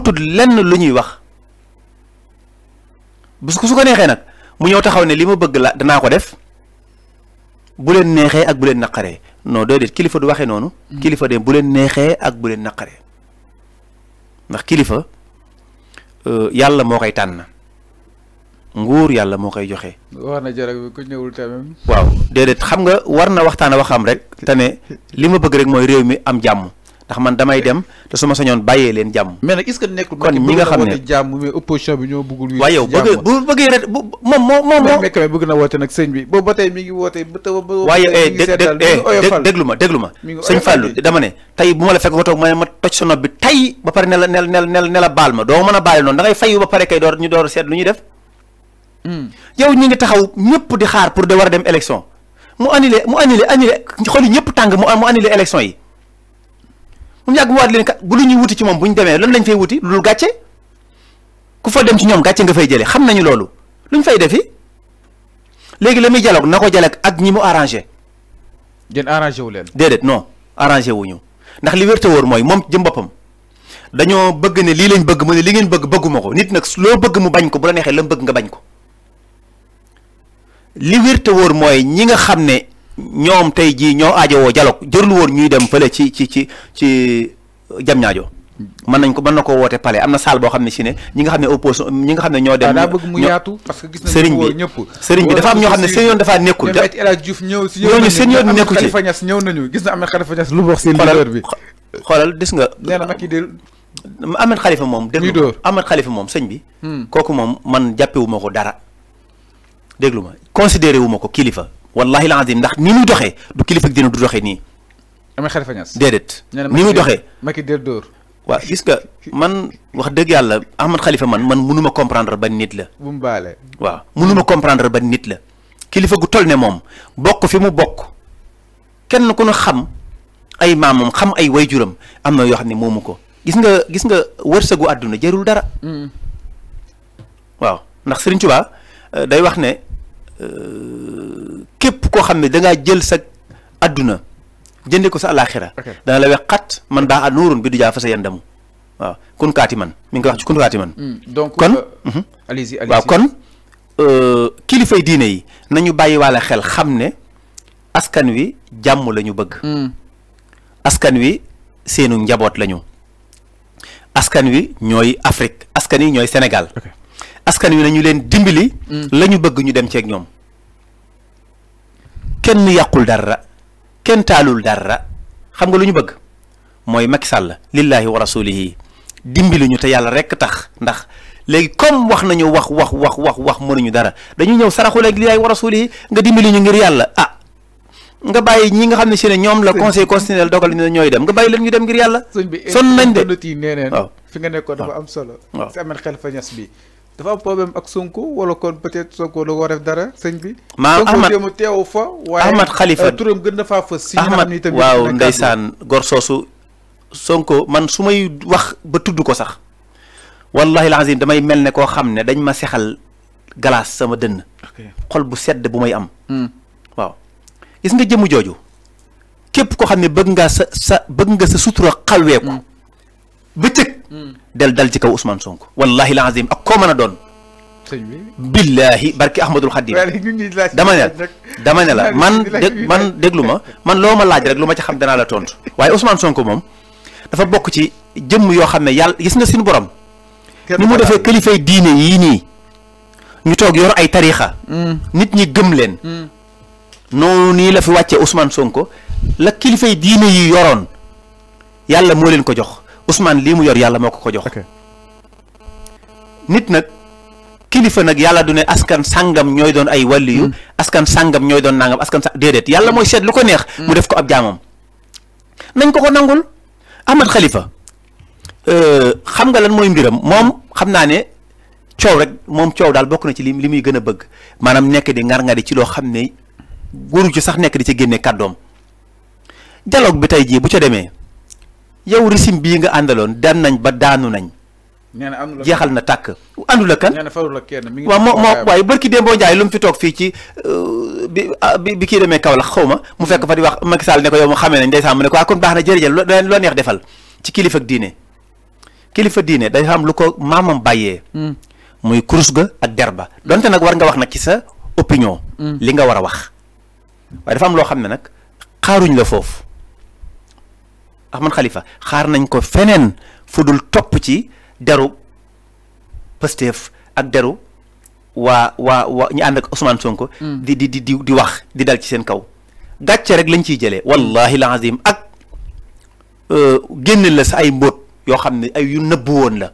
amatul lenn lu ñuy wax bu su ko neexee nag mu ñëw taxaw ne li ma bëgg la danaa ko def bu leen neexee ak bu leen naqaree non déedéet kilifa du waxee noonu. Mm. kilifa de bu leen neexee ak bu leen naqaree ndax kilifa euh, yàlla moo koy tànn nguur yàlla moo koy joxe. wax na jarag bi waaw déedéet xam nga war na waxtaan waxam rek te li ma bëgg rek mooy réew mi am jàmm. ndax man damay dem te su ma sañoon bàyyee leen jàmm. mais nag est-ce que nekkul kon ñi nga xam ne jàmm mais opposition bi ñoo bëggul. jàmm waaye yow bu bëggee ret moom moom moom. na woote nag ba tey mi ngi woote waaye déglu ma déglu ma. mi ngi sëñ Fallou dama ne tey bu ma la fekk ko toog ma ne ma toj sa nopp bi tey ba pare ne la ne la ne la baal ma doo mën a baale noonu da ngay fayu ba pare kay door ñu door seet lu ñuy def hmm. yow ñi ngi taxaw ñëpp di xaar pour de war a dem élection mu annulé mu annulé annulé xooli ñëpp tàng mu mu annulé élection yi mu yàgg mu waat leen kat bu lu ñuy wuti ci moom bu ñu demee lan lañ fay wuti lu gàcce ku fa dem ci ñoom gàcce nga fay jëlee xam nañu loolu lu ñu fay defi léegi la muy dialogue na ko dialogue ak ñi mu arrangé. ngeen arrangé wu leen. déedéet non arrangé wuñu ndax li wér te wóor mooy moom jëm boppam dañoo bëgg ne lii lañ bëgg mu ne li ngeen bëgg bëgguma ko nit nag loo bëgg mu bañ ko bu la neexee la mu bëgg nga bañ ko li wér wóor mooy ñi nga xam ne ñoom tey jii ñoo woo aajowoo dialogue lu woon ñuy dem fële ci ci ci ci jam ñaajo mën nañ ko mën na ko woote palais am na salle boo xam ne si ne ñi nga xam ne opposition ñi nga xam ne ñoo dem ah, daa bëgg parce que gis nañ sëriñ bi ñëpp sëriñ bi dafa am ñoo xam ne seen yoon dafaa nekkul El Hadj Diouf ñëw si ñooñu seen yoon nekku ci Khalifa Niass gis na Ahmed Khalifa Niass lu wax seen leader bi xoolal gis nga nee na Macky de Ahmed Khalifa moom déglu Ahmed Khalifa moom sëñ bi hmm. kooku moom man jàppewuma ko dara déglu ma considéré wuma ko kilifa والله العظيم ناخ ني مو دوخي دو كليفه دينا دو دوخي ني اما خير فنياس ديدت ني مو دوخي ماكي دير دور وا غيسكا مان واخ دغ يالا احمد خليفه مان مان مونوما كومبراندر با نيت لا بوم بالي وا مونوما كومبراندر با نيت لا كليفه غو تولني موم بوك في مو بوك كين كون خام اي مامم خام اي وايجورم امنا يو خني مومكو غيسغا غيسغا ورسغو ادنا جيرول دارا واو ناخ سيرن توبا داي واخني képp koo xam ne dangay jël sa àdduna jëndee ko sa alaxira dana la wex xat man daa a nuurun bi du jaa sa yen waaw man mi ngi wax ci kun kaati man hmm. donc kon euh, mhm. waaw kon euh, kilifay diine yi nañu bàyyi waale xel xam ne askan wi jàmm la ñu bëgg hmm. askan wi seenu njaboot la ñu askan wi ñooy Afrique askan wi ñooy Sénégal askan wi nañu leen dimbali. Mm. la ñu bëgg ñu dem ceek ñoom. kenn yàqul dara kenn taalul dara xam nga lu ñu bëgg mooy Macky Sall lillahi wa rasulihi dimbali ñu te yàlla rekk tax ndax léegi comme wax nañu wax wax wax wax wax mënuñu dara dañu ñëw saraxu léegi lillahi wa rasulihi nga dimbali ñu ngir yàlla ah. nga bàyyi ñi nga xam ne si ne ñoom la conseil constitutionnel dogal ne ñooy dem nga bàyyi leen ñu dem ngir yàlla. sonn nañ de sëñ fi nga nekkoon dafa am solo. waaw si Ahmed Khalifa bi. dafa problème ak Sonko wala kon peut-être Sonko do def dara señ bi. maam Ahmad Sonko teew fa. waye Ahmad euh, Khalifa turum gën na fa fa si ahmad ni tamit waaw ndaysan gor sosu Sonko man sumay wax ba tuddu ko sax wallahi alazim damay melne ko xamne dañ ma sexal glace sama deun xol bu sedd bu may am. Hmm. waaw gis nga jëm joju kep ko xamne bëgg sa bëgg nga sa sutura xalweeku hmm. bëccëg. del dal ci kaw Ousmane Sonko wallahi la azim ak koo mën a doon. billahi barki ahmadul xadim dama ne la dama ne la man dég man déglu ma man loo ma laaj rek lu ma ci xam danaa la tontu waaye Ousmane Sonko moom dafa bokk ci jëmm yoo xam ne yàlla gis nga suñu borom ni mu defee kilifay diine yii nii ñu toog yor ay tariixa mm. nit ñi gëm leen mm. noonu nii la fi wàccee Ousmane Sonko la kilifay diine yi yoroon yàlla moo leen ko jox Ousmane lii mu yor yàlla moo ko ko jox. nit nag kilifa nag yàlla du ne askan sàngam ñooy doon ay wàlliyu mm. askan sàngam ñooy doon nangam askan sa déedéet yàlla mooy seet lu ko neex. mu mm. def ko ab jaamam. nañ ko ko nangul Ahmed Khalifa euh, xam nga lan mooy mbiram moom xam naa ne coow rek moom coow daal bokk na ci li li muy gën a bëgg maanaam nekk di ngar-ngari ci loo xam ne góoru ci sax nekk di ci génne kàddoom dialogue bi tey jii bu ca demee. yow régime bii nga àndaloon dem nañ ba daanu nañ. jeexal na tàkk àndul ak kan waaw moo moo waaye bërki Dembo Ndiaye lu mu fi toog fii ci euh, ah, bi bi kii demee Kaolack xaw ma mu fekk fa di wax Macky Sall ne ko yow mu xame nañ ndeysaan mu ne ko waa ah, kon baax na jërëjëf loo neex defal ci kilifa diine kilifa diine day am lu ko maamam bàyyee mm. muy kurus ga ak derba donte nag war nga wax nag ci sa opinion mm. li nga war a wax waaye dafa am loo xam ne nag xaaruñ la foofu Ahmed xalifa xaar nañ ko feneen fu dul topp ci deru Pastef ak deru waa waa waa ñu ànd ak Ousmane Sonko. Mm. di di di di wax di dal ci seen kaw. gàcce rek lañ ciy jëlee wallahi lazim ak euh, génne la sa ay mbóot yoo xam ne ay yu nëbbu woon la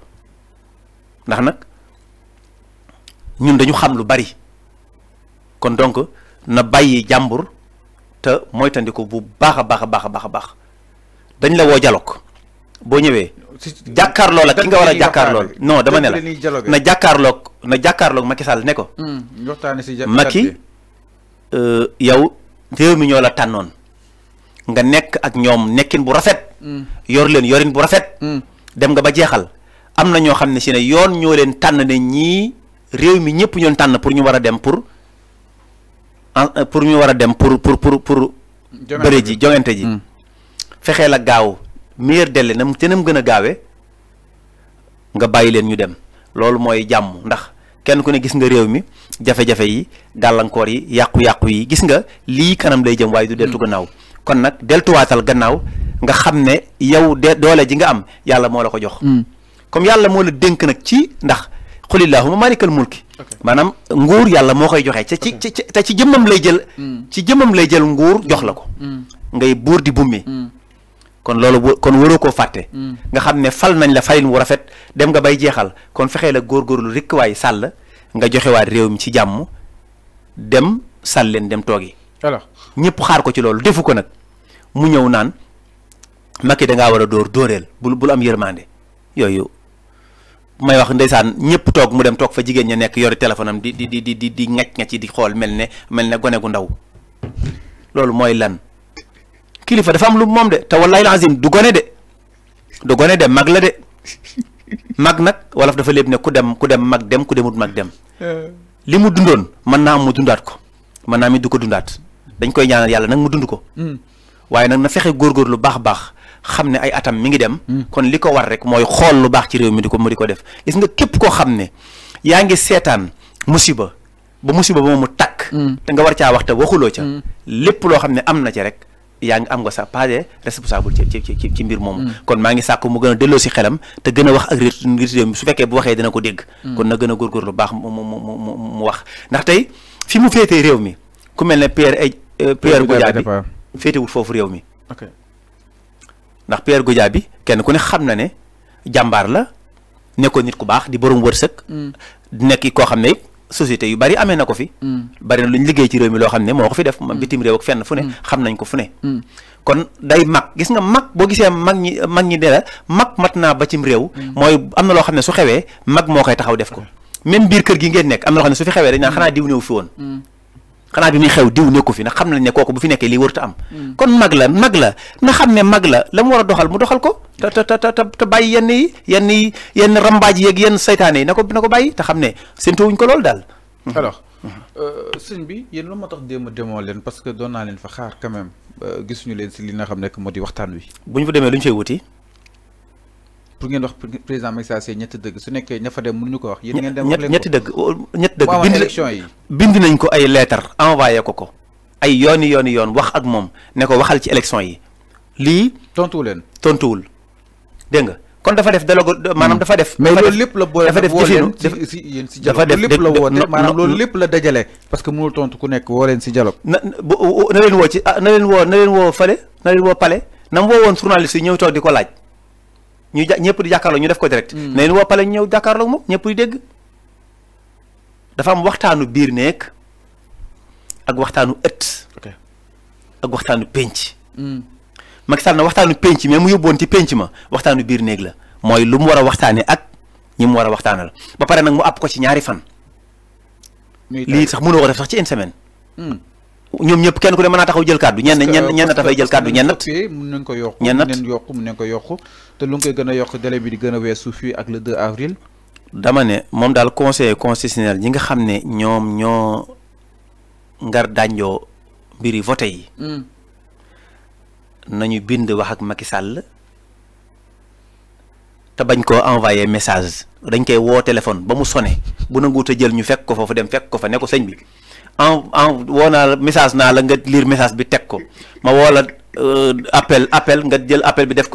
ndax nag ñun dañu xam lu bari kon donc na bàyyi jàmbur te moytandiku bu baax a baax a baax a baax a baax. dañ la woo dialogue boo ñëwee. jàkkaarloo la ki nga war a jàkkaarlool non dama ne la na jàkkaarloog na jàkkaarloog Macky Sall ne ko. Hmm, waxtaanee si Macky euh, yow réew mi ñoo la tànnoon nga nekk ak ñoom nekkin bu rafet. Hmm. yor leen yorin bu rafet. Hmm. dem nga ba jeexal am na ñoo xam ne si ne yoon ñoo leen tànn ne ñii réew mi ñëpp ñoo tànn pour ñu war a dem pour pour ñu war a dem pour pour pour pour. bëre ji joŋante ji. fexeel a gaaw meilleur délai na mu te na mu gën a gaawee nga bàyyi leen ñu dem loolu mooy jàmm ndax kenn ku ne gis nga réew mi jafe-jafe yi gàllankoor yi yàqu-yàqu yi gis nga lii kanam lay jëm waaye du deltu gannaaw kon nag deltuwaatal gannaaw nga xam ne yow de doole ji nga am yàlla moo la ko jox. Mm. comme yàlla moo la dénk nag ci ndax xulillahuma malikal mulki maanaam nguur yàlla moo koy joxe. te ci te ci jëmmam lay jël. Mm. ci jëmmam lay jël nguur jox la ko. Mm. ngay buur di kon loolu kon waroo koo fàtte. Mm. nga xam ne fal nañ la falin wu rafet dem nga bay jeexal kon fexee la góor góor lu rikk waay sàll nga joxewaat réew mi ci jàmm dem sàll leen dem toogi. alors ñëpp xaar ko ci loolu defu ko nag mu ñëw naan Macky da ngaa war a dóor dóoreel bul bul am yërmande yooyu. may wax ndeysaan ñëpp toog mu dem toog fa jigéen ña nekk yor téléphone am di di di di di ngacc nga ci di xool mel ne mel ne gone gu ndaw loolu mooy lan kilifa dafa am lu moom de te wallahi lazim du gone de du gone de mag la de mag nag wolof dafa lépp ne ku dem ku dem mag dem ku demut mag dem eh. li mu dundoon mën naa am mu dundaat ko mën naa mi du ko dundaat dañ koy ñaanal yàlla nag mu dund ko hmm. waaye nag na fexe góorgóor lu baax baax xam ne ay atam mi ngi dem hmm. kon li ko war rek mooy xool lu baax ci réew mi di ko mu di ko def gis nga képp koo xam ne yaa ngi seetaan musiba ba musiba ba moom mu takk hmm. te nga war caa wax waxuloo ca lépp loo xam ne am na ci rek yaa ngi am nga sa pas responsable ci ci ci mbir moom mm. kon maa ngi sàkk mu gën a delloo si xelam te gën a wax ak réew mi su fekkee bu waxee dina ko dégg. Mm. kon na gën a góorgóorlu baax mu mu mu mu wax ndax tey fi mu féetee réew mi ku mel ne Pierre ay euh, Pierre Goudiaby féetewul foofu réew mi. ndax Pierre bi kenn ku ne xam na ne jàmbaar la nekkoon nit ku baax di borom wërsëg. Mm. nekk koo xam ne. société yu bari amee na ko fi. Mm. bari na lu liggéey ci réew mi loo xam ne moo ko fi def. ma mm. bitim réew ak fenn fu ne. Mm. xam nañ ko fu ne. kon day mag gis nga mag boo gisee mag ñi mag ñi de la mag mat naa ba cim réew. mooy am na loo xam ne su xewee mag moo koy taxaw def ko. même biir kër gi ngeen nekk am na loo xam ne su fi xewee dañ naan xanaa diw néew fi woon. xanaa bi muy xew diw nekku fi na xam nañ ne kooku bu fi nekkee lii warut a am. Mm. kon mag la mag la na xam ne mag la la mu war a doxal mu doxal ko. te te te te bàyyi yenn yi yenn yi yenn rambaaj yeeg yenn seytaane yi na ko na ko bàyyi te xam ne wuñ ko loolu daal. Mm-hmm. alors mm-hmm. Euh, sëñ bi yéen lu ma tax démb demoo leen parce que doon naa leen fa xaar quand même euh, gisuñu leen si li na xam nekk moo di waxtaan wi. bu ñu fa demee lu ñu fay wuti. pour ngeen wax président Macky Sall see ñetti dëgg su nekkee ña fa dem mënuñu ko wax. yéen ngeen dem wax leen ko ñetti dëgg bind élection yi bind nañ ko ay lettre envoyé ko ko. ay yoni yoni yoon wax ak moom ne ko waxal ci élection yi lii. tontuwu leen tontuwul dégg nga kon dafa def dialogue maanaam hmm. dafa def. mais loolu lépp la boole dafa def jëfinu si yéen si dialogue loolu lépp la woote maanaam loolu lépp la dajale. parce que mënul tontu ku nekk woo leen si dialogue. na na leen ci ah, na leen woo na leen woo fële na leen woo pale na mu woo journaliste yi ñëw toog laaj ñu ja ñëpp di jàkkaarloo ñu def ko direct. Mm. nee na woo pale ñu ñëw jàkkaarloo moom ñëpp di dégg. dafa am waxtaanu biir néeg ak waxtaanu ëtt. ak waxtaanu penc. Mm. Macky Sall na waxtaanu penc mais mu yóbboon ci penc ma waxtaanu biir néeg la mooy lu mu war a waxtaanee ak ñi mu war a waxtaanal ba pare nag mu àpp ko ci ñaari fan. lii sax mënoo ko def sax ci une semaine. Mm. ñoom ñëpp kenn ku ne mën naa taxaw jël kàddu ñenn ñenn dafay jël kàddu ñennat mën ko yokk ñennat mën nañ ko yokk te lu nga koy gën a yokk délai bi di gën a weesu fii ak le 2 avril dama ne moom daal conseil constitutionnel ñi nga xam ne ñoom ñoo ngar dànjoo mbiri voté yi hmm. nañu bind wax ak Macky Sall te bañ koo envoyé message dañ koy woo téléphone ba mu sone bu nanguut a jël ñu fekk ko foofu dem fekk ko fa ne señ bi en en woo naa la message naa la nga liir message bi teg ko ma woo la euh, appel appel nga jël appel bi def ko.